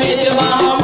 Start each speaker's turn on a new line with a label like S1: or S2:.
S1: Ramya Jama